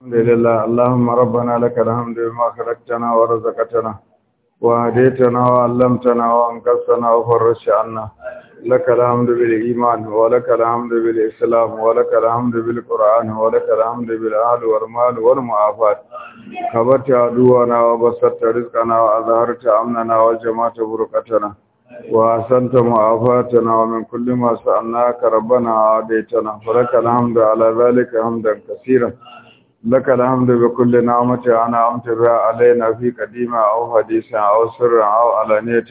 الحمد لله اللهم ربنا لك الحمد بما خلقتنا ورزقتنا وهديتنا وعلمتنا وانقذتنا وفرجت عنا لك الحمد بالإيمان ولك الحمد بالإسلام ولك الحمد بالقرآن ولك الحمد بالأهل والمال والمعافات خبرت عدونا وبسطت رزقنا وأظهرت أمننا وجمعت بركتنا وأحسنت معافاتنا ومن كل ما سألناك ربنا عاديتنا فلك الحمد على ذلك حمدا كثيرا لك الحمد بكل نعمة أنا أمت بها علينا في قديمة أو حديثة أو سر أو علانية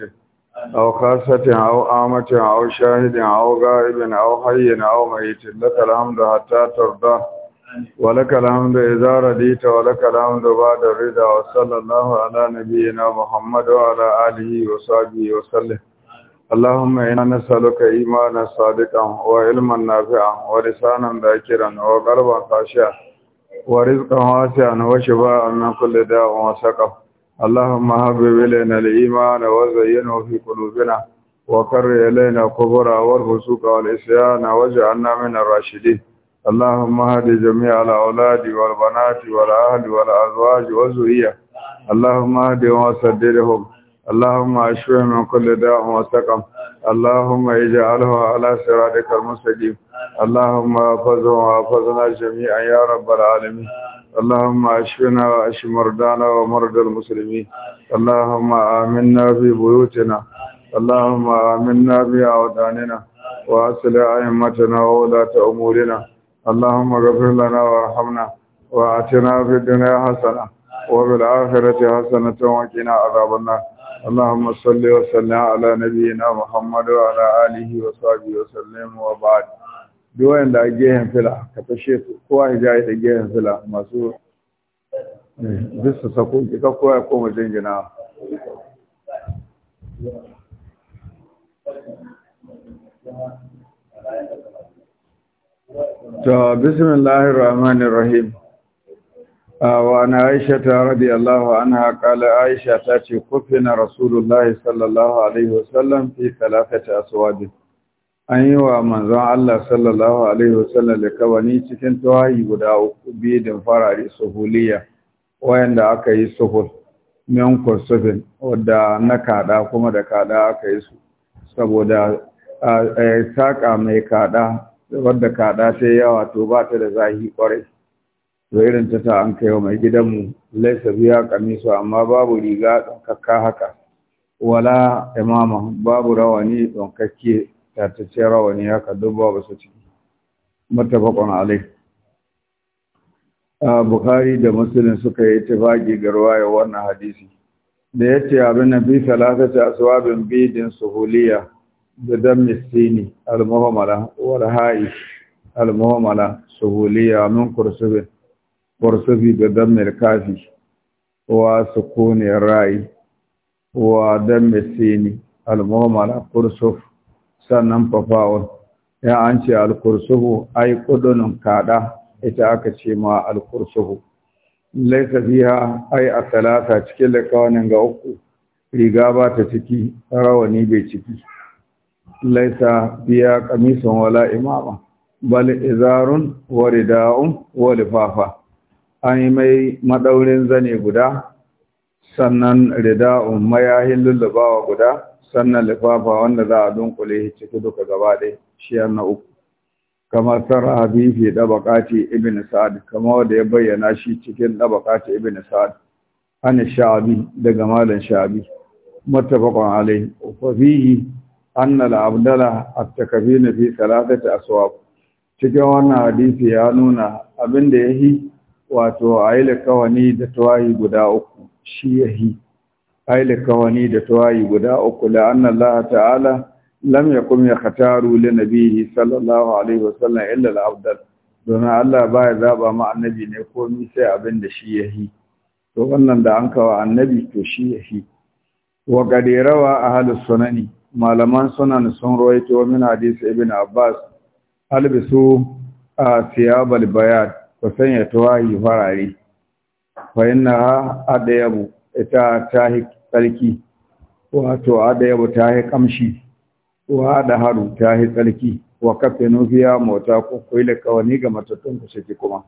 أو خاصة أو آمة أو شاهد أو غائب أو حي أو ميت لك الحمد حتى ترضى ولك الحمد إذا رديت ولك الحمد بعد الرضا وصلى الله على نبينا محمد وعلى آله وصحبه وسلم اللهم إنا نسألك إيمانا صادقا وعلما نافعا ولسانا ذاكرا وقلبا خاشعا ورزقا واسعا وشفاء من كل داء وسقم اللهم هبب إلينا الإيمان وزينه في قلوبنا وقر إلينا الكفر والفسوق والعصيان واجعلنا من الراشدين اللهم هد جميع الأولاد والبنات والأهل والأزواج والزهية اللهم هدهم وسددهم اللهم أشفهم من كل داء وسقم اللهم اجعله على صراطك المستقيم اللهم احفظه واحفظنا جميعا يا رب العالمين اللهم اشفنا واشف مرضانا ومرضى المسلمين اللهم امنا في بيوتنا اللهم امنا في اوطاننا واصلح ائمتنا وولاة امورنا اللهم اغفر لنا وارحمنا واتنا في الدنيا حسنه وفي الاخره حسنه وقنا عذاب النار اللهم صل وسلم على نبينا محمد وعلى اله وصحبه وسلم وبعد دوين دا جهن فلا كتشيت كو اي جاي دا جهن فلا ماسو بس سكو كي كو اي كوم جنجنا بسم الله الرحمن الرحيم وأنا عائشة رضي الله عنها قال عائشة تاتي كفنا رسول الله صلى الله عليه وسلم في ثلاثة أسواد an yi wa manzon Allah sallallahu Alaihi wasallam da kawani cikin tawayi guda uku bidin farari suhuliya wayanda aka yi suhul min kursufin wadda na kada kuma da kada aka yi su saboda a saƙa mai kada wadda kada ta yawa to ba ta da zahi ƙwarai. zairin irin ta ta an kai wa mai gidanmu laisa biya kamisu amma babu riga ɗaukaka haka wala imama babu rawani ɗaukakke tatacce rawani haka duk babu su ciki matafakon alai Bukhari da Muslim suka yi tafaki ga ya wannan hadisi da ya ce abin nan bi ta aswabin bidin suhuliya da dammi misini al-muhammala wal ha'i al-muhammala suhuliya min kursubin warsufi da dammir kafi wa sukunin rai wa dammir sini al'umma na kursuf sannan fafawar. ya an ce al-kursufu ai kudunin kada ita aka ce ma al laisa biya ai a talata cikin lakawanin ga uku riga ba ta ciki rawani bai ciki laisa biya kamisan wala imama bal izarun wari rida'un wa lifafa an yi mai maɗaurin zane guda sannan rida'un mayahin lullubawa guda sannan lifafa wanda za a dunkule ciki duka gaba ɗai shiyar na uku kamar sarra habibi ɗabakati ibn sa'ad kama wanda ya bayyana shi cikin ɗabakati ibn sa'ad an sha'abi daga malam sha'abi matafakon alayhi wa fihi anna al-abdala at-takabin fi salatati cikin wannan hadisi ya nuna abin da yahi wato a yi likawani da tawayi guda uku shi yahi a yi likawani da tawayi guda uku la'anna Allah ta'ala lam ya yakhtaru li nabiyhi sallallahu alaihi wasallam illa al-afdal domin Allah ba ya zaba ma annabi ne komai sai abin da shi yahi to wannan da an kawo annabi to shi yahi wa gadirawa ahlus sunani malaman sunan sun rawaito min hadisi ibn abbas albisu a siyabal bayat Ka sanya tuwayi farare fa inna adayabu ita ta tsarki wato adayabu ta yi kamshi wa da haru ta yi tsarki wa kafinu ya mota ko kuila kawani ga matattun ku kuma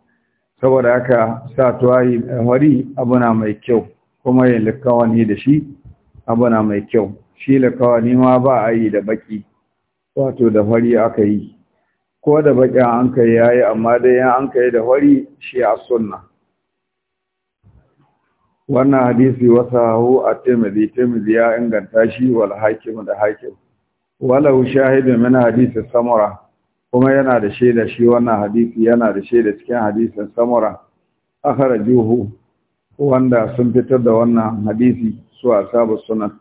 saboda haka sa tuwayi hori abuna mai kyau kuma yin likawani da shi abuna mai kyau shi likawani ma ba a yi da baki wato da fari aka yi ko da baƙin an kai yayi amma dai yan an kai da wari shi a sunna wannan hadisi wasahu a tirmidhi tirmidhi ya inganta shi wal hakim da hakim walau shahidu min hadisi samura kuma yana da shaida shi wannan hadisi yana da shaida cikin hadisin samura akhrajuhu wanda sun fitar da wannan hadisi su saba sunan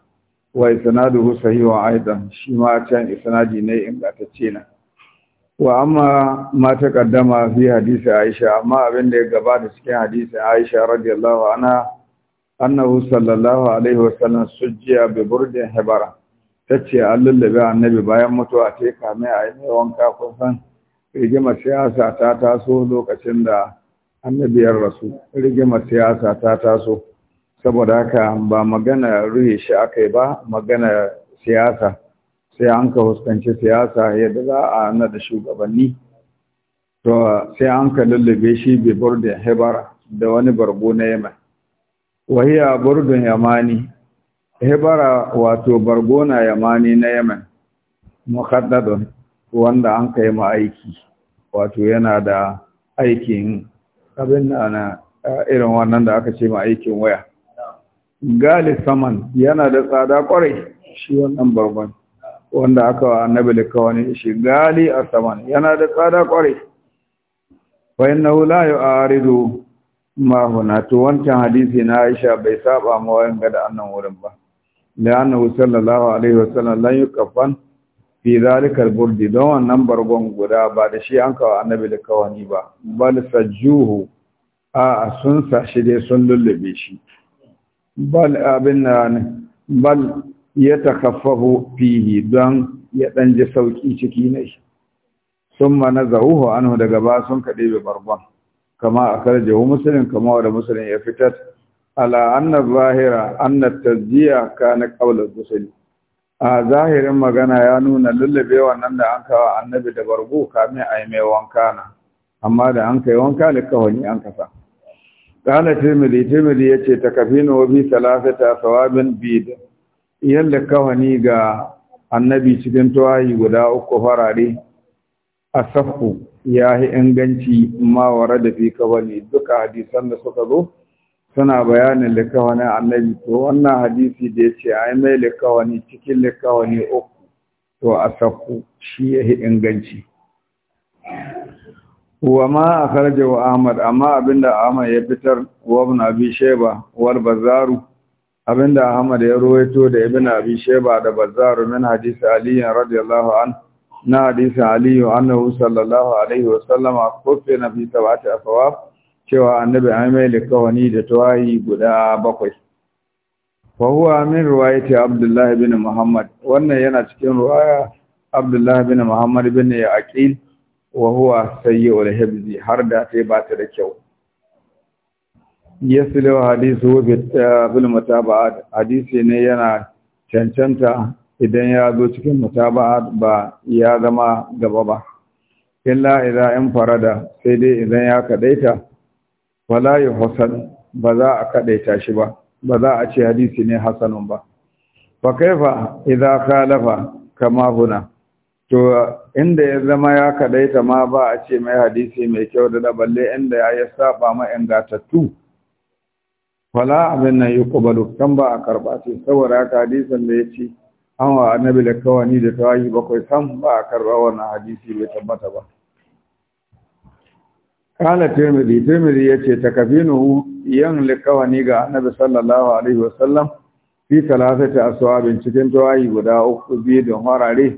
wa isnaduhu sahihu aidan shi ma can isnadi ne ingantacce na wa amma ma ta kaddama fi hadisi Aisha amma abin da ya gabata cikin hadisi Aisha radiyallahu anha annahu sallallahu alaihi wasallam sujjiya bi burdin hibara tace an lullube annabi bayan mutuwa sai kame a yi wanka kun san rigimar siyasa ta taso lokacin da annabiyar rasu rigima siyasa ta taso saboda haka ba magana ruhi shi akai ba magana siyasa sai an ka huskanci siyasa yadda za a da shugabanni to sai an ka lullube shi bi burdin hibara da wani bargo na yaman wahiya burdin yamani hibara wato bargo na yamani na yaman mukaddadun wanda an kai ma aiki wato yana da aikin abin da na irin wannan da aka ce ma aikin waya gali saman yana da tsada kwarai shi wannan bargon wanda aka wa annabi likawani shi gali a saman yana da tsada kwarai fa innahu la yu'aridu ma huna to wancan hadisi na Aisha bai saba ma wayan ga da annan wurin ba Da la'annahu sallallahu alaihi wasallam lan yukaffan fi zalika burdi don wannan bargon guda ba da shi an kawo annabi likawani ba bal sajjuhu a sun sa shi dai sun lullube shi bal abin nan bal ya takaffahu fihi don ya ɗan ji sauƙi ciki ne sun na zahuhu anhu daga ba sun kaɗe bi barban kama a karjahu musulun kama wa da musulun ya fitar ala anna zahira anna ka kana qawlan musulun a zahirin magana ya nuna lullube wannan da an kawo annabi da bargo kamin a yi mai wanka na amma da an kai wanka ne, kawai ni an kasa kana tirmidhi tirmidhi yace takafinu bi salasata sawabin bid yalla kawani ga annabi cikin tawayi guda uku farare asafu ya yi inganci mawara da fi kawani duka hadisan da suka zo suna bayanin likawanin annabi to wannan hadisi da ya ce a yi mai likawani cikin likawani uku to asafu shi ya yi inganci wa ma a wa ahmad amma abinda ahmad ya fitar wa ibn abi shayba wal bazaru abinda Ahmad ya ruwaito da Ibn Abi Shayba da Bazzar min hadisi Ali radiyallahu an na hadisi Ali annahu sallallahu alaihi wa sallama kufina fi sab'ati afwaf cewa annabi an mai likawani da tawayi guda bakwai fa huwa min riwayati Abdullah ibn Muhammad wannan yana cikin riwaya Abdullah ibn Muhammad ibn Aqil wa huwa sayyi'ul hibzi har da sai ba ta da kyau yasilu hadisu eh, bil mutaba'a hadisi ne yana cancanta idan ya zo cikin mutaba'a ba ya zama gaba ba illa idza in farada sai dai idan ya kadaita wala yuhsan ba za a kadaita shi ba ba za a ce hadisi ne hasanun ba fa kaifa idza khalafa kama huna to inda ya zama ya kadaita ma ba a ce mai hadisi mai kyau da balle inda ya saba ma ingatattu fala abin nan yuqbalu kan ba a karba ce saboda haka hadisin da yace an wa annabi da kawani da tawayi bakwai san ba a karba wannan hadisi bai tabbata ba kala tirmidhi tirmidhi yace takafinuhu yan likawani ga annabi sallallahu alaihi wasallam fi talatati aswabin cikin tawayi guda uku biyu da harare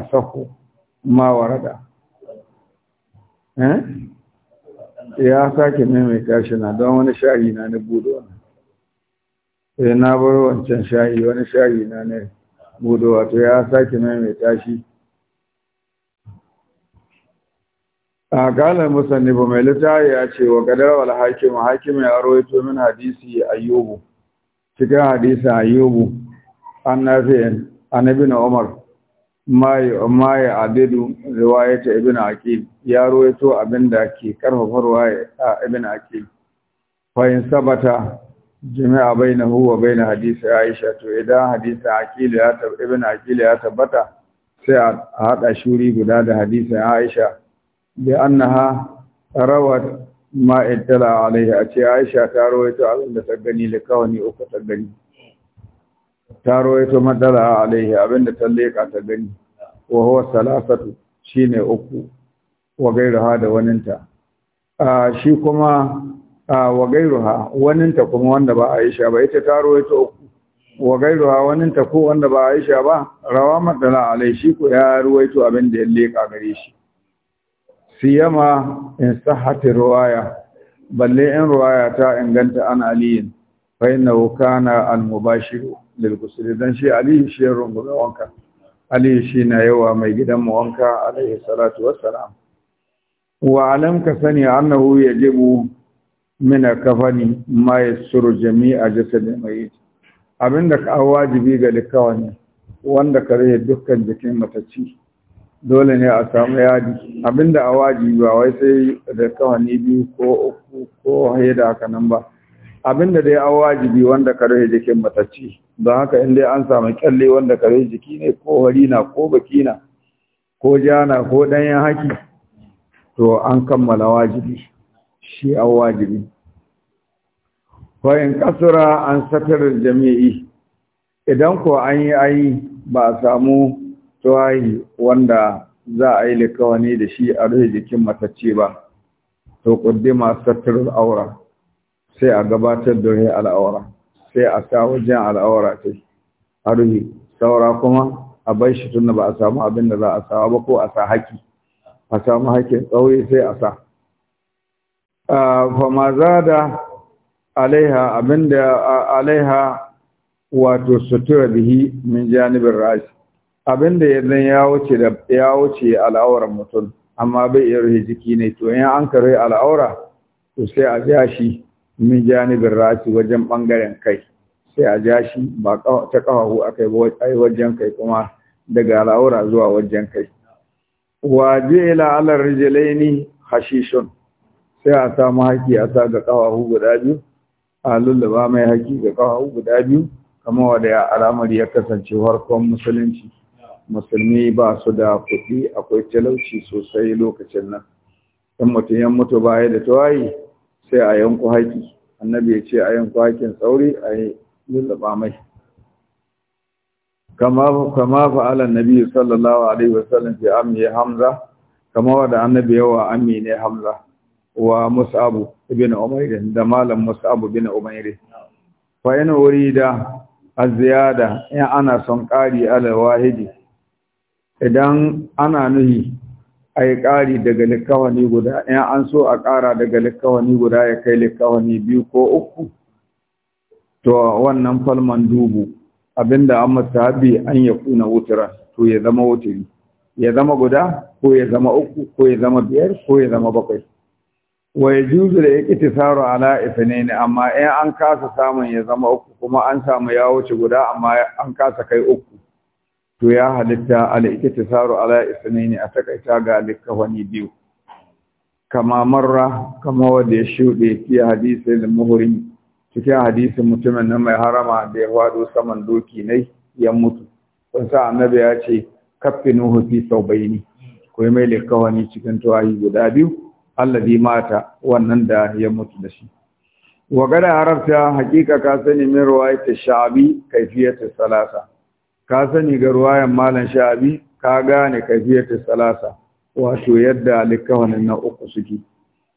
asahu ma warada eh ya sake maimaita shi na don wani shari na buɗo. budo sai na bar wancan shayi wani shayi na ne budo wato ya sake mai tashi. a galar ba mai littafi ya ce wa gadar wal hakim hakim ya rawaito min hadisi ayyubu cikin hadisi ayyubu an nafi'in an na umar mai ya adidu riwayata ibn aqib ya rawaito abinda ke karfafa riwaya ibn aqib fa in sabata jami'a bai na bainahu wa bain hadisi Aisha to idan hadisi Aqil ya tabbata ibn Aqil ya tabbata sai a haɗa shuri guda da hadisi Aisha bi annaha rawat ma ittala alaiha a ce Aisha ta rawaito abin da ta gani da kawani uku ta gani ta rawaito madala alaiha abin da ta leka ta gani wa huwa salasatu shine uku wa gairaha da waninta shi kuma wa gairuha waninta kuma wanda ba Aisha ba ita ta rawaito uku wa gairuha ta ko wanda ba Aisha ba rawa madala alai shi ko ya rawaito abin da ya leka gare shi siyama in sahhati riwaya balle in riwaya ta inganta an aliyin fa na kana al mubashir lil don dan shi ali shi rungu wanka ali shi na yawa mai gidan mu wanka alaihi salatu wassalam wa alam ka sani annahu yajibu mina kafani ma yassuru jami'a jasadin mayyit abinda ka wajibi ga ne wanda ka rage dukkan jikin matacci dole ne a samu yadi abinda a wajibi ba wai sai da kawani biyu ko uku ko haye da haka nan ba abinda dai a wajibi wanda ka rage jikin matacci don haka in dai an samu kyalle wanda ka rage jiki ne ko harina ko bakina ko jana ko ɗanyen haki to an kammala wajibi shi a wajibi wayan kasura an satarar jami'i idan ko an yi ayi ba a samu tuwayi wanda za a yi likawani da shi a rufe jikin matacce ba to kuddima satar aura sai a gabatar da rufe al'aura sai a sa wajen al'aura ta a rufe saura kuma a bai shi tunda ba a samu abin da za a sawa ba ko a sa haki a samu hakin tsauri sai a sa Ah, fama da alaiha abinda alaiha wato sutura bihi min janibin rashi abinda yadda ya wuce da ya wuce al'auran mutum amma bai iya rufe jiki ne to in an al'aura to sai a ja shi min janibin rashi wajen bangaren kai sai a ja shi ba ta kafahu akai ba wajen kai kuma daga al'aura zuwa wajen kai wa ila alar rijalaini hashishun sai a samu haƙi a sa ga ƙawahu guda biyu a lullaba mai haƙi ga ƙawahu guda biyu kamar wadda ya al'amari ya kasance harkon musulunci musulmi ba su da kuɗi akwai talauci sosai lokacin nan in mutum ya mutu baya da tawayi sai a yanku haƙi, annabi ya ce a yanku haƙin tsauri a yi lullaba mai kama fa fa'ala sallallahu alaihi wasallam fi amiye hamza kama wanda annabi yawa ammi ne hamza wa mus'abu ibn umair da malam mus'abu ibn umair fa yana wurida aziyada in ana son kari ala wahidi idan ana nuhi ai kari daga likawani guda in an so a ƙara daga likawani guda ya kai likawani biyu ko uku to wannan falman dubu abinda an sahabi an ya kuna wutura to ya zama wuturi ya zama guda ko ya zama uku ko ya zama biyar ko ya zama bakwai wa yajuzu da tsaro ala ithnain amma in an kasa samun ya zama uku kuma an samu ya wuce guda amma an kasa kai uku to ya halitta al tsaro ala ithnain a takaita ga likawani biyu kama marra kama wanda ya shude fi hadisin muhrim cikin hadisin mutumin nan mai harama da ya wado saman doki ne ya mutu sa annabi ya ce kaffinuhu fi sawbaini ko mai likawani cikin tawayi guda biyu alladhi mata wannan da ya mutu da shi wa gada arabta hakika ka sani min ta sha'bi kayfiyat salasa ka sani ga ruwayan malam sha'bi ka gane kayfiyat salasa wato yadda likawanin na uku suke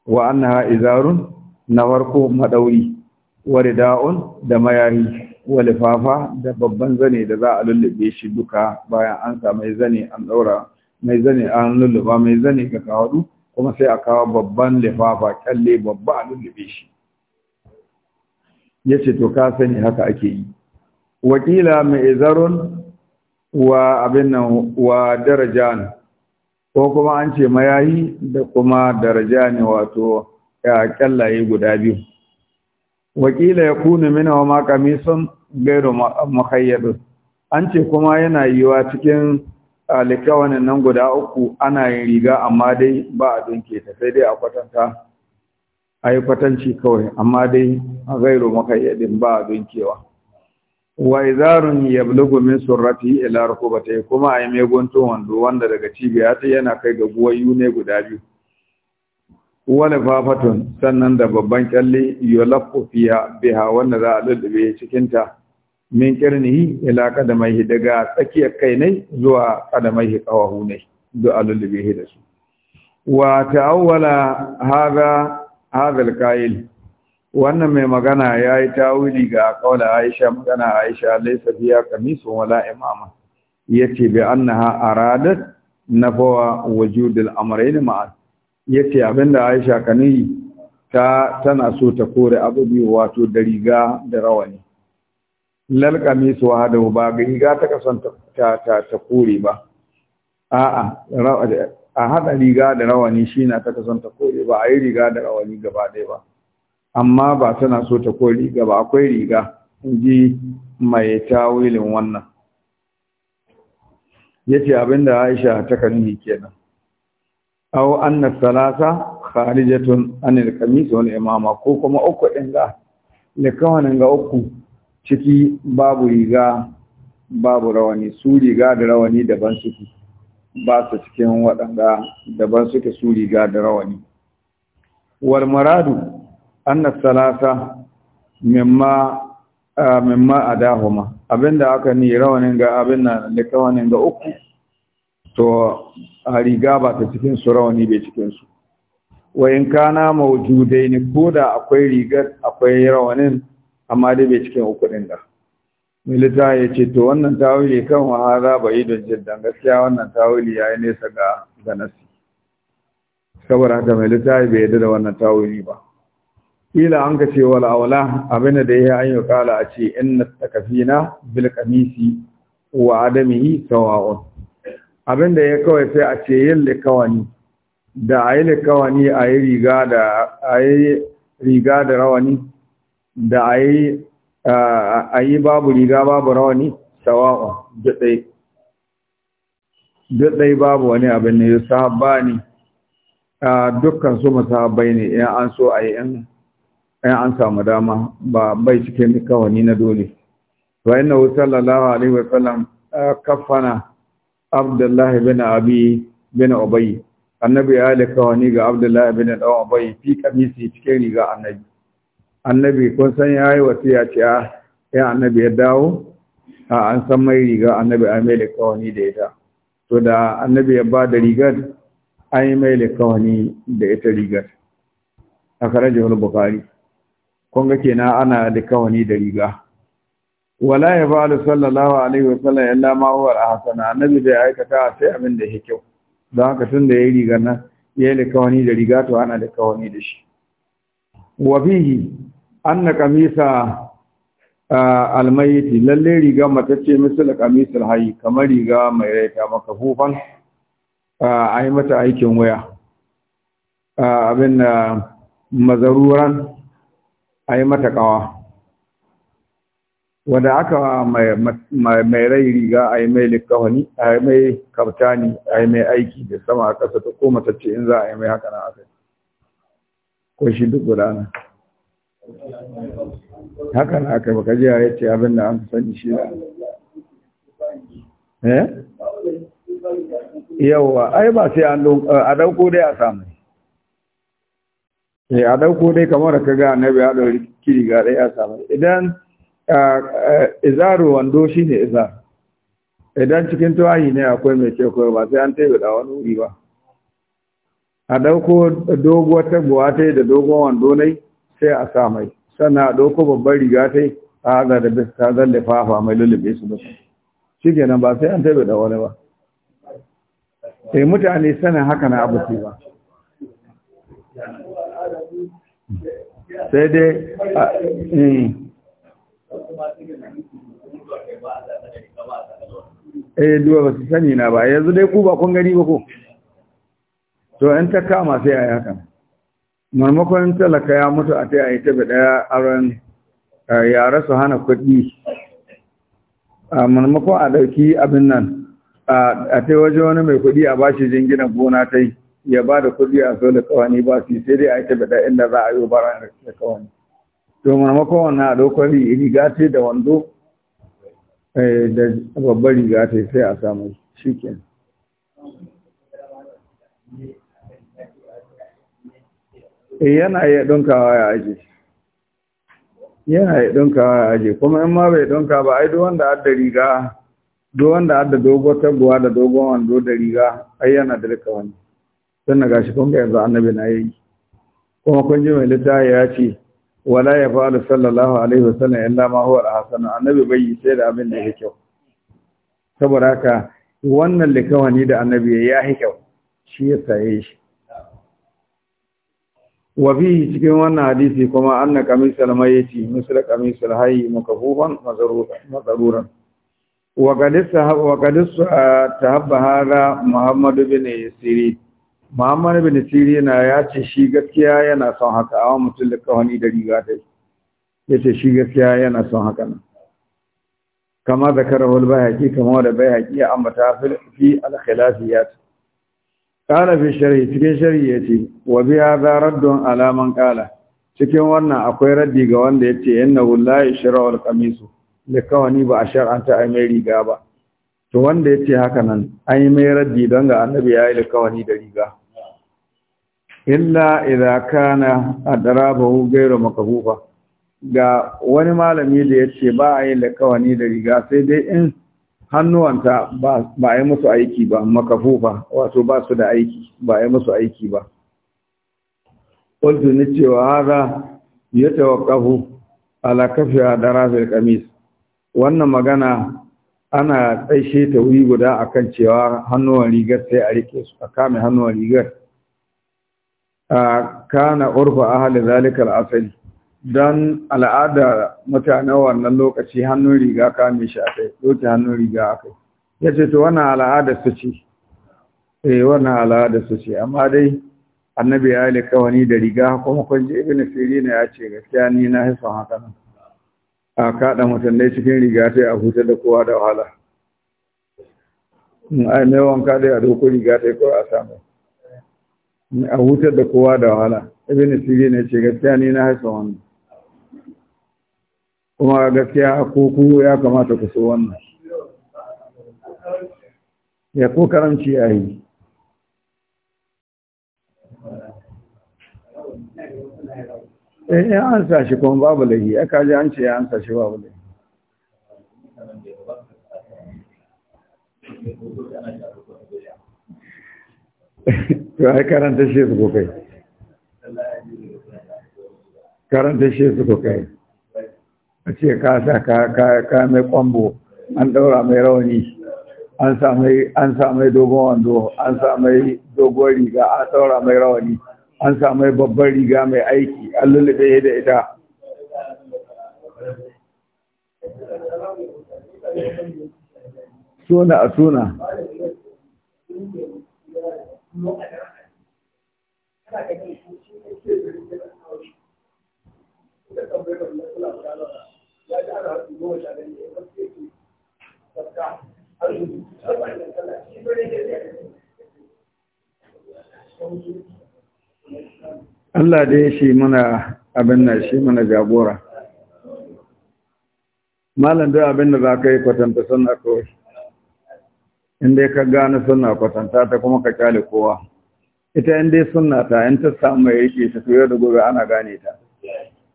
wa annaha izarun na farko madauri wa rida'un da mayahi wa lifafa da babban zane da za a lullube shi duka bayan an samu zane an daura mai zane an lulluba mai zane ga kawadu kuma sai a kawo babban lifafa kyalle babba a lullube shi ya ce to ka sani haka ake yi wakila mai zarun wa abin nan wa daraja ne. ko kuma an ce mayayi da kuma daraja ne wato ya kyallaye guda biyu wakila ya kuna mina wa sun gairu makayyadun an ce kuma yana yiwa cikin alikawanin nan guda uku ana yin riga amma dai ba a dinke ta sai dai a kwatanta a kwatanci kawai amma dai a gairu makayyadin ba a dinkewa wa izarun ya bulugu min surrati ila rukubatai kuma a yi mai guntun wando wanda daga cibiya ta yana kai ga guwayu ne guda biyu wani fafatun sannan da babban kyalle yulafu fiya biha wanda za a lullube cikinta min kirnihi ila kadamaihi daga tsakiyar kai ne zuwa kadamaihi kawahu ne da Lullubihi da su wa ta'awwala hadha hadha alqail wannan mai magana yayi tawili ga kaula Aisha magana Aisha laysa biya qamisun wala imama yace bi annaha aradat nafawa wujud al-amrayn ma'a yace abinda Aisha kani ta tana so ta kore abubuwa wato da riga da rawani lalƙami su wahadahu ba ga riga ta kasan ta ta kore ba a'a a haɗa riga da rawani shi na ta kasan ta kore ba a yi riga da rawani gaba ɗaya ba amma ba tana so ta kore riga ba akwai riga in ji mai tawilin wannan ya ce abinda aisha ta yi kenan au anna salasa kharijatun anil kamis wal imama ko kuma uku ɗin ga likawanin ga uku ciki babu riga babu rawani su riga da rawani daban suke ba su cikin waɗanda daban suke su riga da rawani war maradu anna salasa mimma mimma adahuma abinda aka ni rawanin ga abin nan likawanin ga uku to riga ba ta cikin su rawani bai cikin su wa in kana mawjudai ne koda akwai rigar akwai rawanin amma dai bai cikin uku din da milita ya ce to wannan tawili kan wahala bai da jiddan gaskiya wannan tawili yayi nesa ga ga nasi saboda haka milita bai yarda da wannan tawili ba Ila an ka ce wala aula abinda da ya an yi kala a ce inna takafina bil qamisi wa adamihi sawa'un abinda ya kawai sai a ce yin likawani da ayi likawani ayi riga da ayi riga da rawani da a yi babu riga babu rawani sawa'un duɗai duɗai babu wani abin ne sahaba ne dukkan su musahabbai ne in an so a yi yan an samu dama ba bai cikin kawani na dole wa inna sallallahu alaihi wa sallam kafana abdullahi ibn abi ibn ubay annabi ya alika wani ga abdullahi ibn ubay fi kamisi cikin riga annabi annabi kun san ya yi wasiya ce a ah, ya annabi ya dawo a ah, an san mai riga annabi a mai likawani da ita to da annabi ya ba da rigar an yi mai likawani da ita rigar a kare jihar bukari kun ga kenan ana likawani da riga wala ya ba da sallallahu alaihi wasallam illa ma huwa ahsana annabi da aikata a sai abin da yake kyau don haka tun da ya yi rigar nan ya yi likawani da riga to ana likawani da shi wa fihi anna kamisa almayiti lalle riga matacce misal kamisar hayi kamar riga mai raita maka hufan a yi mata aikin waya abin da mazaruran a yi mata kawa wadda aka mai rai riga a yi mai likawani a yi mai kaftani a yi mai aiki da sama a ƙasa ta ko matacce in za a yi mai haka na aka ko shi duk gudana haka aka baka jiya ya ce abin da an sani shi da eh yawa ai ba sai an a dauko dai a samu eh a dauko dai kamar ka ga annabi ya dauri kiri ga dai a samu idan izaru wando shine izar idan cikin tawahi ne akwai mai ce ba sai an taiba da wani wuri ba a dauko doguwar taguwa ta da dogon wando nai sai a sa mai sannan a ɗauko babban riga ta a haɗa da ta zalle fafa mai lullube su ba shi kenan ba sai an taɓa da wani ba sai eh, mutane sanin haka na abu ba sai dai eh, eh duwa ba su sani na ba yanzu dai ku ba kun gani ba ko to in ta kama sai a yi haka maimakon talaka ya mutu a ta yi tabi ɗaya aron eh, yara su hana kuɗi a maimakon a ɗauki abin nan a ta waje wani mai kuɗi a ba shi jingina gona ta yi ya ba da kuɗi a so da kawani ba su sai dai a yi tabi ɗaya inda za a yi bara da kawani to maimakon wannan a ɗaukar riga ce da wando eh, da babbar riga ce sai a samu shi kenan Eh, yana iya dunkawa ya aje yana iya dunkawa ya aje kuma in ma bai dunka ba ai duk wanda adda riga duk wanda adda dogon taguwa da dogon wando da riga ai yana da rika wani don na gashi kun ga yanzu annabi na yi kuma kun ji mai littafi ya ce wala ya fa'ala sallallahu alaihi wasallam illa ma huwa al-hasan annabi bai yi sai da abin da yake kyau saboda haka wannan likawani da annabi ya yi kyau shi ya saye shi wa bihi cikin wannan hadisi kuma anna qamisal mayyiti misal qamisal hayy makfufan mazruran wa qad wa qad tahabba hada muhammad bin yasiri muhammad bin yasiri na ya ce shi gaskiya yana son haka amma mutum da kawani da riga dai yace shi gaskiya yana son haka kama zakara wal bayhaqi kama da bayhaqi ambata fi al khilafiyat kana fi sharhi cikin sharhi yace wa bi hadha raddun ala man qala cikin wannan akwai raddi ga wanda yace innahu la yashra al qamis da ba a shar'anta ai mai riga ba to wanda yace haka nan an yi mai raddi don ga annabi ya yi kawani da riga illa idza kana adrabahu ghayru makahufa ga wani malami da yace ba a yi kawani da riga sai dai in hannuwanta ba a yi musu aiki ba makafufa wato ba su da aiki ba a yi musu aiki ba ƙuntu cewa haza ya tawakafu alakafiya da rafin kamis wannan magana ana tsaishe ta wuri guda kan cewa hannuwan rigar sai a rike su a kame hannuwan rigar a kana urfa ahalin zalikar asali don al'ada mutane wannan lokaci hannun riga ka shi a kai hannun riga a kai ya ce to wannan al'ada su ce eh wannan al'ada su ce amma dai annabi ya yi kawani da riga kuma kun ji ibn ne ya ce gaskiya ni na haifan haka nan a kaɗa mutum dai cikin riga sai a huta da kowa da wahala in ai mai wanka dai a doko riga sai kawai a samu a hutar da kowa da wahala ibn sirina ya ce gaskiya ni na hison wannan kuma gaskiya ko ku ya kamata ku so wannan ya ko karamci a yi ya eh, an sashi shi kuma babu lahi ya kaji an ce ya an sashi shi babu lahi to ai karanta shi su kai karanta shi su kai a ce ka sa ka mai kwambo an ɗaura mai rauni an sa mai dogon wando an sa mai dogon riga an ɗaura mai rauni an sa mai babban riga mai aiki an lullube da ita suna a suna Thank you. Allah da ya shi mana abin na shi mana jagora. Malam da abin da za ka yi kwatanta suna kawai. Inda ka gane suna kwatanta ta kuma ka kyale kowa. Ita inda suna ta in ta samu ya rike ta to da gobe ana gane ta.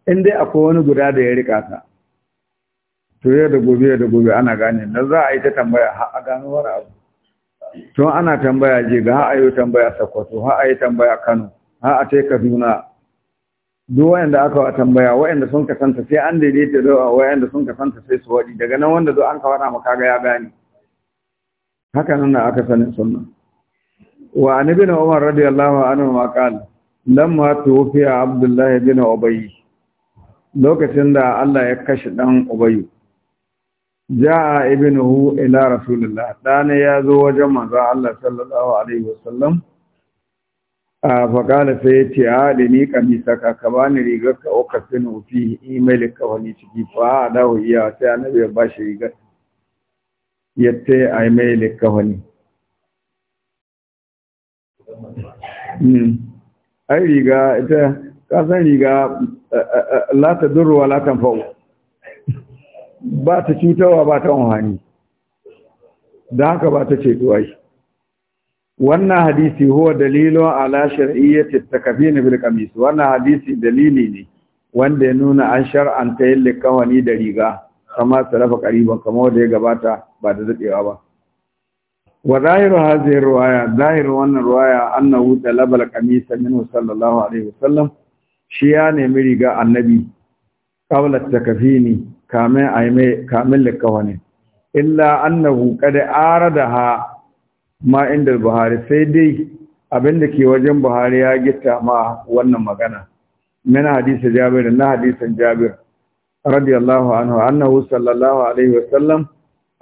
Inda akwai wani guda da ya rika ta. to yau da gobe da gobe ana gane na za a yi ta tambaya har a gano wani abu to ana tambaya je ga har a yi tambaya sakwato har a yi tambaya Kano har a tai Kaduna duk wayanda aka wa tambaya wayanda sun kasanta sai an daidaita da wayanda sun kasanta sai su wadi daga nan wanda zo an kawara maka ga ya gane haka nan na aka sanin sunna wa annabi Umar radiyallahu anhu ma qala lamma tuwfiya Abdullah bin Ubay lokacin da Allah ya kashe dan Ubayy ja'a ibnuhu ila rasulillah dana ya zo wajen manzo Allah sallallahu alaihi wasallam a faƙala sai ya ce a da ni kamisa ka ka ba ni rigar ka o kafin ofi email ka wani ciki fa a dawo iya sai annabi ya ba shi rigar ya ta yi a email ka wani ai riga ita kasan riga la ta duru wa ta fa'u ba ta cutarwa ba ta wani da haka ba ta ce tuwai wannan hadisi huwa dalilun ala shar'iyyati takabin bil qamis wannan hadisi dalili ne wanda ya nuna an shar'anta yin likawani da riga kama salafa qariban kama wanda ya gabata ba da dadewa ba wa zahiru hadhihi riwaya zahiru wannan riwaya annahu talaba al qamis min sallallahu alaihi wasallam shi ya nemi riga annabi qabla takafini kamin a yi mai kamin likawa ne illa annahu kada ha ma inda buhari sai dai abinda ke wajen buhari ya gita ma wannan magana min hadisi jabir na hadisin jabir radiyallahu anhu annahu sallallahu alaihi wasallam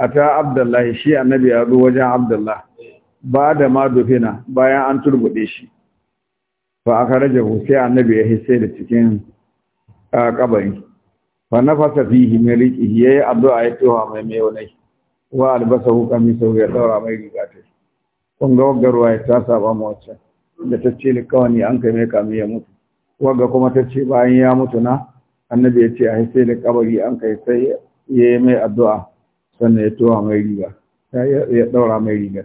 ata abdullahi shi annabi ya zo wajen abdullah ba da ma dufina bayan an turbude shi fa aka rajahu sai annabi ya hisse da cikin ah, kabari fa nafasa fihi min riqihi yayi addu'a ya towa mai mewa nai wa albasahu qamisahu ya daura mai riga ta kun ga wagga ruwa ya tasa ba mu wacce da ta ce ni an kai mai kami ya mutu wagga kuma ta ce bayan ya mutu na annabi ya ce a sai da kabari an kai sai ya yi mai addu'a sannan ya towa mai riga ya daura mai riga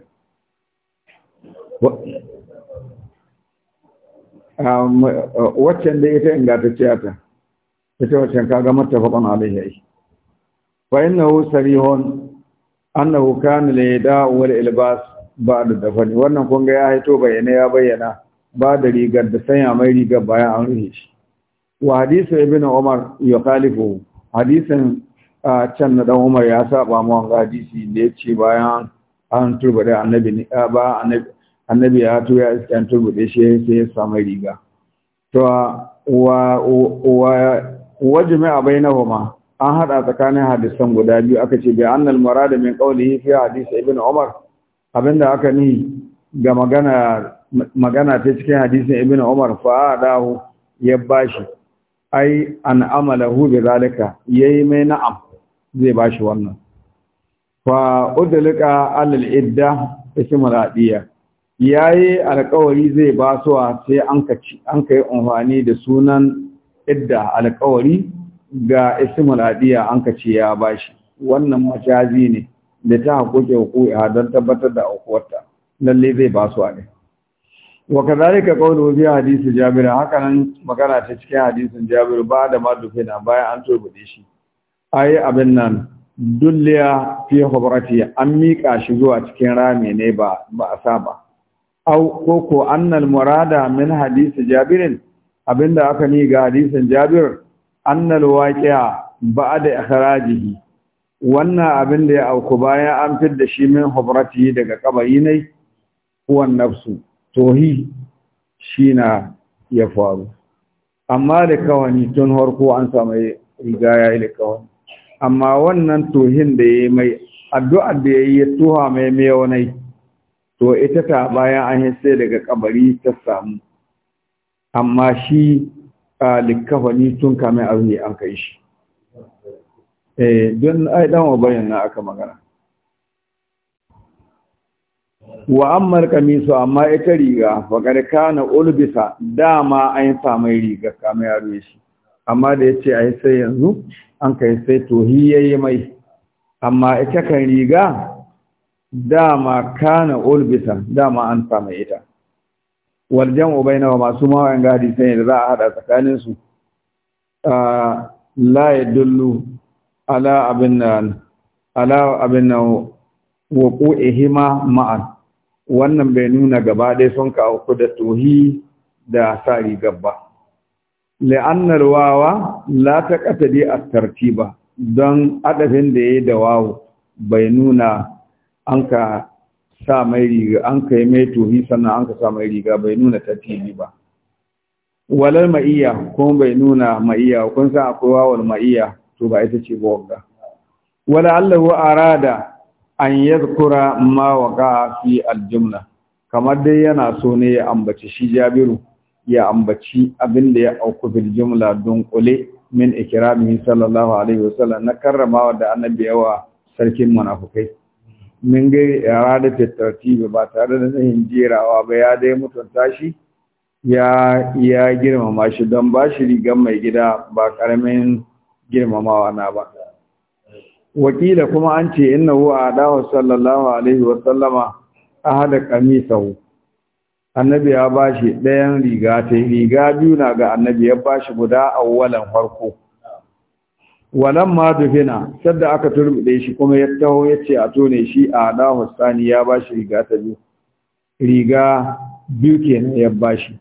waccan da ita ingantacciya ta ita wacce kaga muttafaqun alaihi fa innahu sarihun annahu kana lida wal ilbas ba'd dafani wannan kun ga ya haito bayyana ya bayyana ba da rigar da sanya mai rigar bayan an rufe shi wa hadisu ibnu umar ya khalifu a can na dan umar ya saba mu an hadisi da yace bayan an turbade annabi ne ba annabi ya to ya iska an turbade shi sai ya samu riga to wa wa na bainahuma an hada tsakanin hadisan guda biyu aka ce bi annal marada min qawlihi fi hadis ibn umar abinda aka ni ga magana ta cikin hadisin ibn umar fa adahu ya bashi ai an amalahu bi zalika yayi mai na'am zai bashi wannan fa udlika alal idda ismul ya yayi alƙawari zai basuwa sai an ka an kai amfani da sunan idda alƙawari ga ismul adiya an ka ce ya bashi wannan majazi ne da ta hakuke uku, don tabbatar da aukuwarta lalle zai ba su ne wa kadhalika qawluhu bi hadisi jabir haka nan magana ta cikin hadisin jabir ba da ma na bayan an turbude shi ai abin nan dulliya fi an mika shi zuwa cikin rami ne ba ba a ba. au koko annal murada min hadisi jabirin abinda aka ni ga hadisin Jabir annal waqi'a ba'da ikhrajihi wannan abin da ya auku bayan an da shi min hubrati daga kabari ne huwan nafsu tohi shina ya faru amma da kawani tun harko an samu riga ya yi kawani amma wannan tohin da ya mai addu'ar da ya yi ya tuha mai mai to ita ta bayan an hisse daga kabari ta samu amma shi likafani tun kamin abin da an kai shi eh, don ai dan wa bayyana aka magana wa ammar kamisu amma ita riga wakar kana ulbisa dama an samun riga a yaro shi amma da ya ce a sai yanzu an kai sai to ya yi mai amma ita kan riga dama kana ulbisa dama an samu ita waljan ubaina wa masu mawayan gadi sai da za a hada tsakanin su la dullu, ala abin nan ala abin nan ma'an wannan bai nuna gaba ɗaya sun ka ku da tuhi da sa gaba ba la'annar wawa la ta katadi a tartiba don adafin da ya da wawo bai nuna an ka sa mai riga an kai mai tohi sannan an ka sa mai riga bai nuna tartibi ba walal ma'iya ko bai nuna ma'iya kun san akwai wawal ma'iya to ba ita ce ba wala allahu arada an yadhkura ma waqa fi aljumla kamar dai yana so ne ya ambaci shi jabiru ya ambaci abin da ya auku fil jumla don kule min ikramihi sallallahu alaihi wasallam na wa da annabi yawa sarkin munafukai min yara da tartibi ba tare da zan jerawa ba ya dai mutunta shi ya ya girmama shi don ba shi rigar mai gida ba karamin girmamawa na ba wakila kuma an ce huwa adahu sallallahu alaihi wa sallama ahada qamisahu annabi ya bashi ɗayan riga ta riga biyu na ga annabi ya bashi guda awwalan farko walan ma dufina sadda aka turbide shi kuma ya taho ya ce a tone shi a da hustani ya ba shi riga ta biyu riga biyu kenan ya ba shi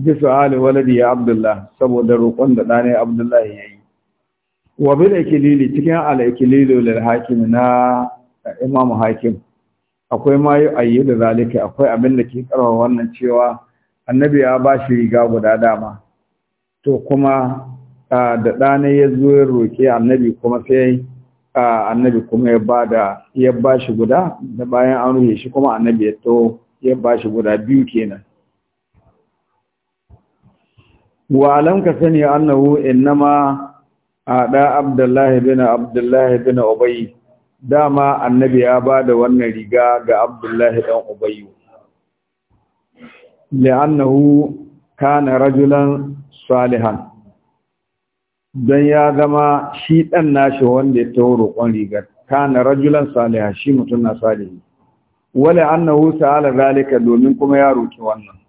bisa hali waladi ya abdullah saboda roƙon da ɗane Abdullahi ya yi wa bil ikilili cikin al ikililu lil hakim na imamu hakim akwai ma yi da zalika akwai abin da ke karfa wannan cewa annabi ya ba shi riga guda dama to kuma da ɗana ya zo ya roƙe annabi kuma sai annabi kuma ya ba da ya ba shi guda da bayan an ruhe shi kuma annabi ya to ya ba shi guda biyu kenan wa alam ka sani annahu innama ada abdullahi ibn abdullahi ibn ubay dama annabi ya ba da wannan riga ga abdullahi dan ubay annahu kana rajulan salihan don ya zama shi ɗan nashi wanda ya taho roƙon rigar kana rajulan saliha shi mutum na salihi wala annahu sa'ala zalika domin kuma ya roki wannan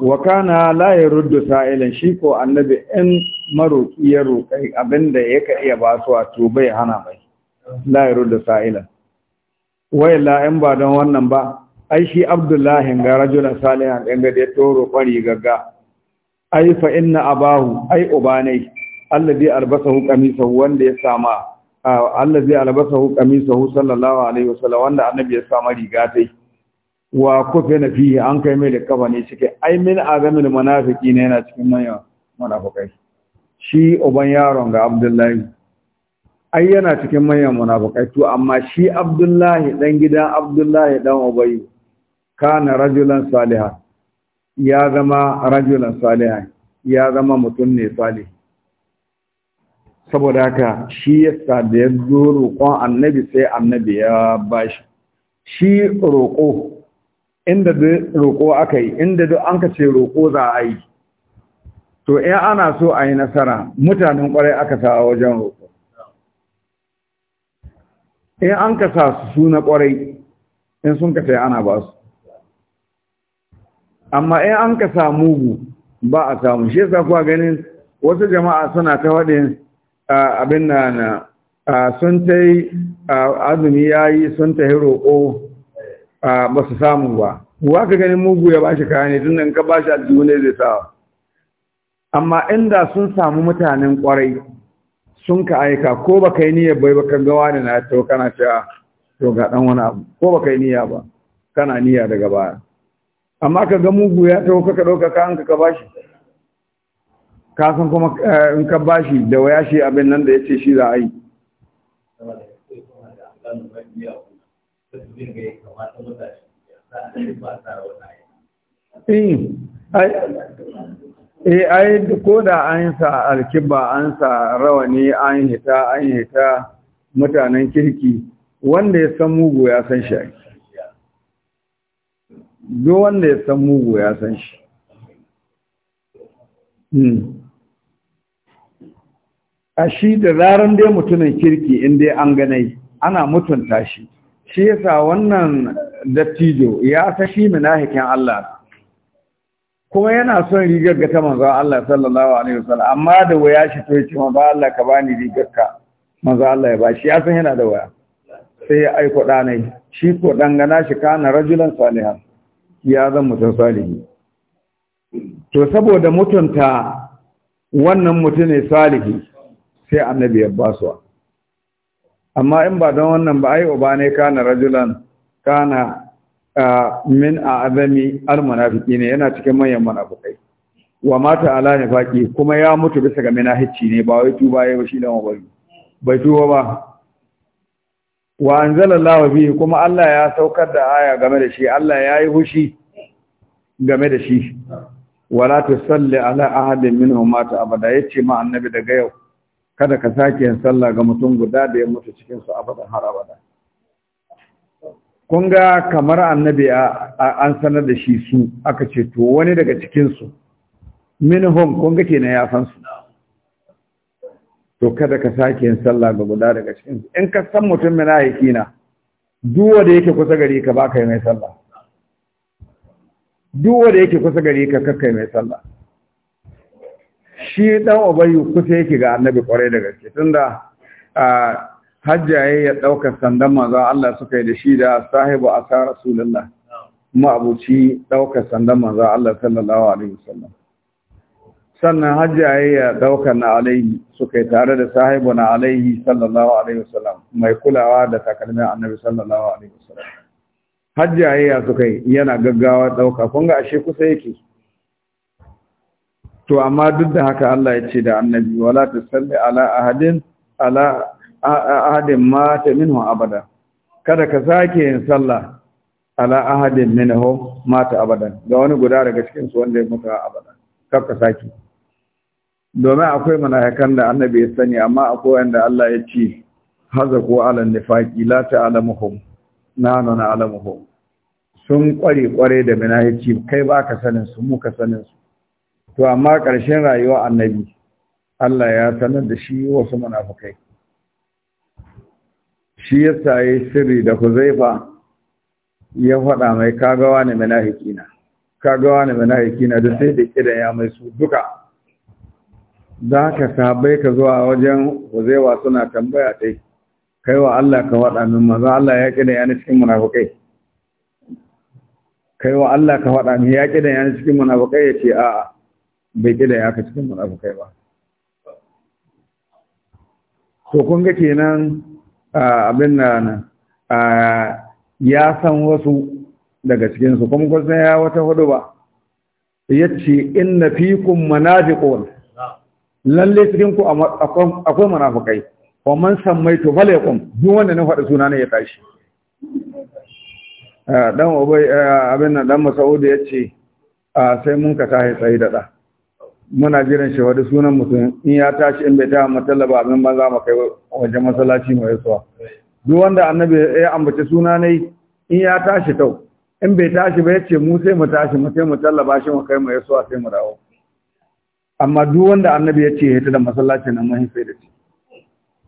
wa kana la yaruddu sa'ilan shi ko annabi in maroki ya roƙi abinda ka iya basuwa to bai hana mai la yaruddu sa'ilan wai la in ba don wannan ba ai shi abdullahi ga rajulan saliha ɗan ga da ya roƙon rigar ga ai fa inna abahu ai ubanai allazi albasahu qamisahu wanda ya sama allazi albasahu qamisahu sallallahu alaihi wasallam wanda annabi ya sama riga tai wa kufina fi an kai mai da kafa ne cike ai min azamin munafiki ne yana cikin manyan munafikai shi uban yaron ga abdullahi ai yana cikin manyan munafikai to amma shi abdullahi dan gidan abdullahi dan ubayi kana rajulan salihan ya zama rajulan salihan ya zama mutum ne salihi saboda haka shi yasa da ya zo roƙon annabi sai annabi ya bashi shi roƙo inda duk roƙo aka yi inda duk an ka ce roƙo za a yi to ya ana so a yi nasara mutanen ƙwarai aka sa a wajen roƙo in an ka sa su na ƙwarai in sun ka sai ana ba su amma in an ka ba a samu shi yasa kuwa ganin wasu jama'a suna ta abin na na sun ta yi azumi ya yi sun ta yi roƙo ba su samu ba wa ka ganin mugu ya ba shi kaya ne tun da ka ba shi aljihu ne zai sawa amma inda sun samu mutanen ƙwarai sun ka aika ko ba ka yi niyyar bai ba kan gawa ne na to kana cewa to ga dan wani abu ko ba ka yi niyya ba kana niyya daga baya amma ka ga mugu ya taho ka ɗauka ka an ka bashi ka san kuma eh, in ka bashi da waya shi abin nan da ya ce shi za a yi eh, eh ai ko da an sa alkiba an sa rawani an hita an hita mutanen kirki wanda ya san mugu ya san shi duk wanda ya san mugu ya san shi hmm. a shi da zaran dai mutumin kirki in dai an ganai ana mutunta shi shi yasa wannan dattijo ya ta shi munafikin Allah kuma yana son rigar ga ta manzo Allah sallallahu alaihi wasallam amma da waya shi to yace manzo Allah ka bani rigar ka manzo Allah ya bashi ya san yana da waya sai ya aiko ɗanai shi ko dangana shi kana rajulan salihan ya zan mutum salihi to saboda mutunta wannan mutune salihi sai annabi ya basuwa amma in ba don wannan ba ai uba ne kana rajulan kana min a'zami ne. yana cikin manyan munafikai wa mata ala nifaqi kuma ya mutu bisa ga minahicci ne ba wai tuba yayi ba shi da wani bai tuba ba wa anzalallahu fihi kuma Allah ya saukar da aya game da shi Allah ya yi hushi game da shi wala tusalli ala ahadin minhum mata abada yace ma annabi daga yau kada ka sake yin sallah ga mutum guda da ya mutu cikin su abadan har abada kun ga kamar annabi an sanar da shi su aka ce to wani daga cikin su minhum kun ga kenan ya san su to kada ka sake yin sallah ga guda daga cikin su in ka san mutum mai yaki na duwa da yake kusa gari ka baka yi mai sallah duwa da yake kusa gari ka kakkai mai sallah shi dan ubayyu kusa yake ga annabi kwarai da gaske tunda hajjaye ya daukar sandan manzon Allah suka yi da shi da sahibu asa rasulullah kuma abuci daukar sandan manzon Allah sallallahu alaihi wasallam sannan hajjaye ya daukar na alaihi suka yi tare da sahibu na alaihi sallallahu alaihi wasallam mai kulawa da takalmin annabi sallallahu alaihi wasallam hajjaye ya suka yi yana gaggawa dauka kun ga ashe kusa yake to amma duk da haka Allah ya ce da annabi wala tusalli ala ahadin ala ahadin ta minhu abada kada ka sake yin sallah ala ahadin minhu ta abada. ga wani guda daga cikin su wanda ya mutu abada kar ka sake domin akwai mala'ikan da annabi ya sani amma akwai wanda Allah ya ce haza ko alan nifaqi la ta'lamuhum nanu alamuhum sun kware kware da munafici kai ba ka sanin su mu ka sanin su to amma ƙarshen rayuwa annabi Allah ya sanar da shi wasu munafukai shi ya sayi sirri da Huzaifa ya faɗa mai kagawa ne manahikina kagawa ne manahikina da sai da kida ya mai su duka za ka sabai ka zuwa wajen Huzaifa suna tambaya dai kai wa Allah ka faɗa min maza Allah ya kida ya ni cikin munafukai kai wa Allah ka faɗa min ya kida ya ni cikin munafukai ya ce a'a bai kida ya ka cikin munafukai ba to kun ga kenan abin nan ya san wasu daga cikinsu, kuma kun san ya wata hudu ba yace inna fikum munafiqun lalle cikin ku akwai munafukai wa man fale kun, duk wanda na faɗi suna ne ya tashi dan abin nan dan ya ce sai mun ka tahi tsaye da ɗa. muna jiran shi wani sunan mutum in ya tashi in bai ta matallaba abin za mu kai wajen masallaci mai yasuwa duk wanda annabi ya ambace suna ne in ya tashi tau in bai tashi ba yace mu sai mu tashi mu sai mu tallaba shi mu kai mu yasuwa sai mu dawo amma duk wanda annabi ya ce ya hita da masallacin nan mun sai da shi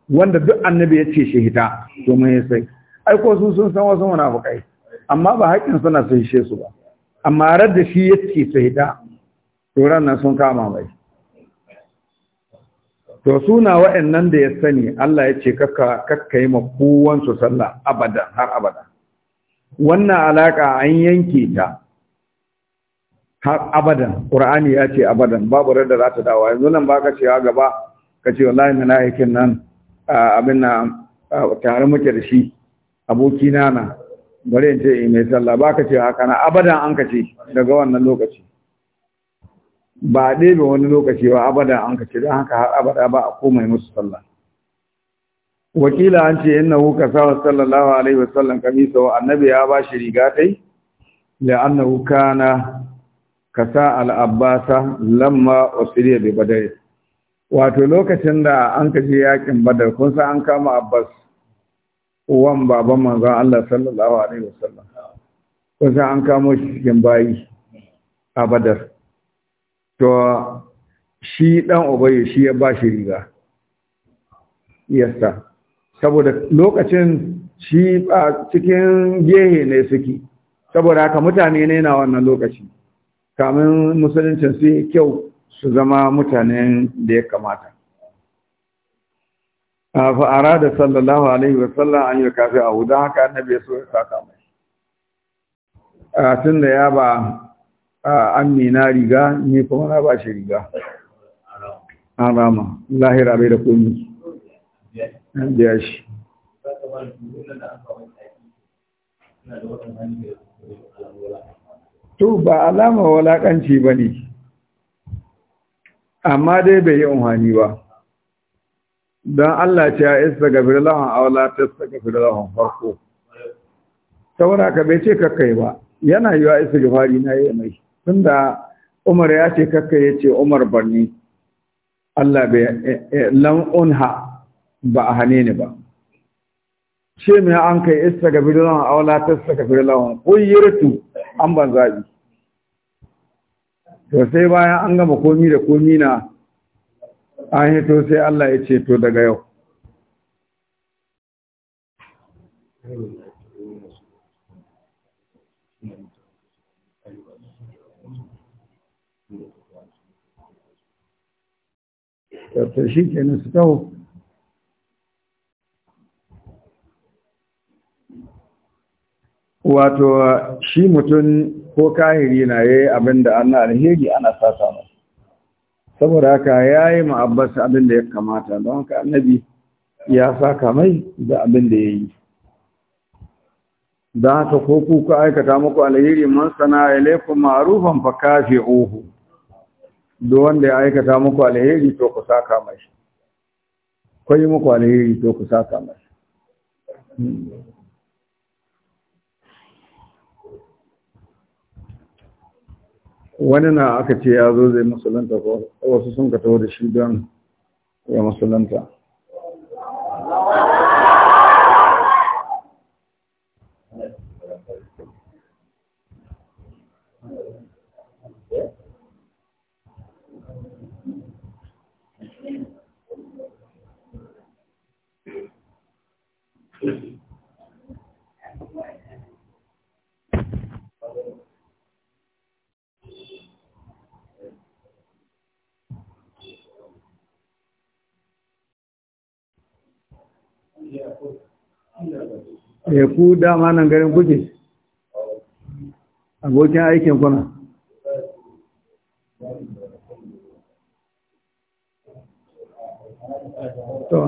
wanda duk annabi ya ce shi hita to mun sai ai ko su sun san wasu munafukai amma ba haƙƙin suna sai shi su ba amma radda shi yace sai hita turan nan sun kama mai to suna wa'annan da ya sani Allah ya ce kakka kakka yi su sallah abadan har abada wannan alaka an yanke ta har abadan qur'ani ya ce abadan babu rada za ta dawo yanzu nan baka cewa gaba ka ce wallahi na aikin nan abin na tare muke da shi aboki na na bari in ce mai sallah baka ce haka na abadan an ka daga wannan lokaci ba a ɗebe wani lokaci ba abada an ka ce don haka har abada ba a komai musu sallah wakila an ce innahu kasawa sallallahu alaihi sallam kamisa wa annabi ya ba shi riga tai la'annahu kana kasa al-abbasa lamma usriya bi badr wato lokacin da an je yakin badar kun san an kama abbas uwan baban manzon Allah sallallahu alaihi sallam kun san an kamo shi cikin bayi a badar to shi dan ubayi shi ya ba shi riga yasta saboda lokacin shi a cikin gehe ne suke saboda haka mutane ne na wannan lokaci kamin musuluncin su yi kyau su zama mutanen da ya kamata a fa'ara da sallallahu alaihi wasallam an yi kafi a wuda haka annabi ya so ya saka mai tun da ya ba an na riga ni kuma na ba shi riga an rama lahira bai da komi an biya shi to ba alama walakanci ba ne amma dai bai yi unhani ba don Allah ce ya isa gafir lahon aula ta isa gafir lahon farko saboda ka bai ce kakai ba yana yi wa isa gafari na yi mai tunda Umar ya ce kakka ya ce Umar barni Allah bai eh, eh, lam unha ba a hane ni ba ce mai an kai isa ga birlawan aula ta isa ga birlawan kuyirtu an ban zaɓi to sai bayan an gama komi da komi na an to sai Allah ya ce to daga yau to shi ke su wato shi mutum ko kahiri na ya yi abin da an alheri ana sata mai saboda haka ya yi ma'abbas abin da ya kamata don haka annabi ya saka mai da abin da ya yi don haka ko kuka aikata muku alheri man sana ya laifin ma'arufan fa kafi duk wanda ya aikata muku alheri to ku saka mai kwai muku alheri to ku saka mashi wani na aka ce ya zo zai musulunta ko wasu sun ka taho da shi don ya musulunta Eh, ku dama nan garin kuke abokin aikin kuna to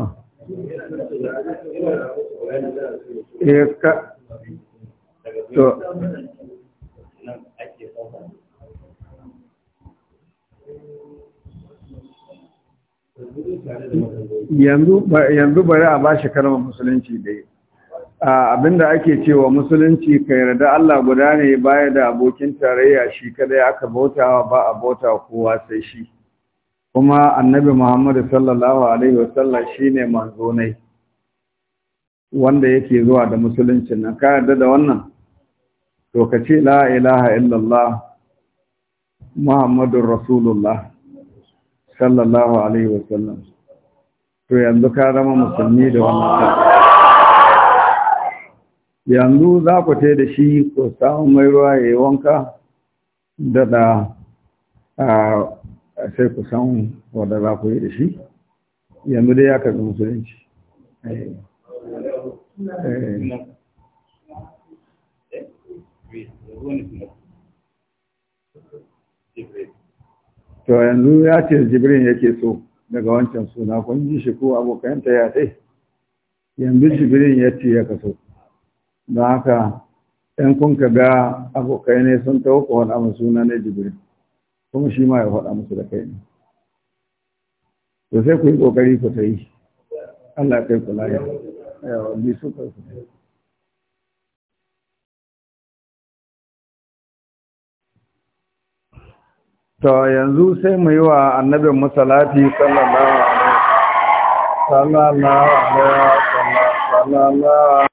eh, yanzu bari a bashi kalmar musulunci dai abinda ake cewa musulunci ka yarda Allah guda ne baya da abokin tarayya shi kadai aka bautawa ba a bauta kowa sai shi kuma annabi Muhammad sallallahu alaihi wasallam shine manzo ne wanda yake zuwa da musulunci na ka yarda da wannan to ka ce la ilaha illallah Muhammadur Rasulullah sallallahu alaihi wasallam to yanzu ka zama musulmi da wannan yanzu za ku tai da shi ko samun mai ruwa ya yi wanka daɗa sai ku san wadda za ku yi da shi yanzu dai ya karɓi musulunci to yanzu ya ce jibrin yake so daga wancan suna kun ji shi ko abokan ta ya yanzu jibrin ya ce ya kaso don haka 'yan kun ka ga abokai ne sun taho wuka faɗa musu suna na jibirin kuma shi ma ya faɗa musu da kai ne to sai ku yi ƙoƙari ku ta yi Allah kai ku lafiya yawa bi su ta To yanzu sai mu yi wa annabin masalati sallallahu alaihi wasallam. Sallallahu alaihi wasallam.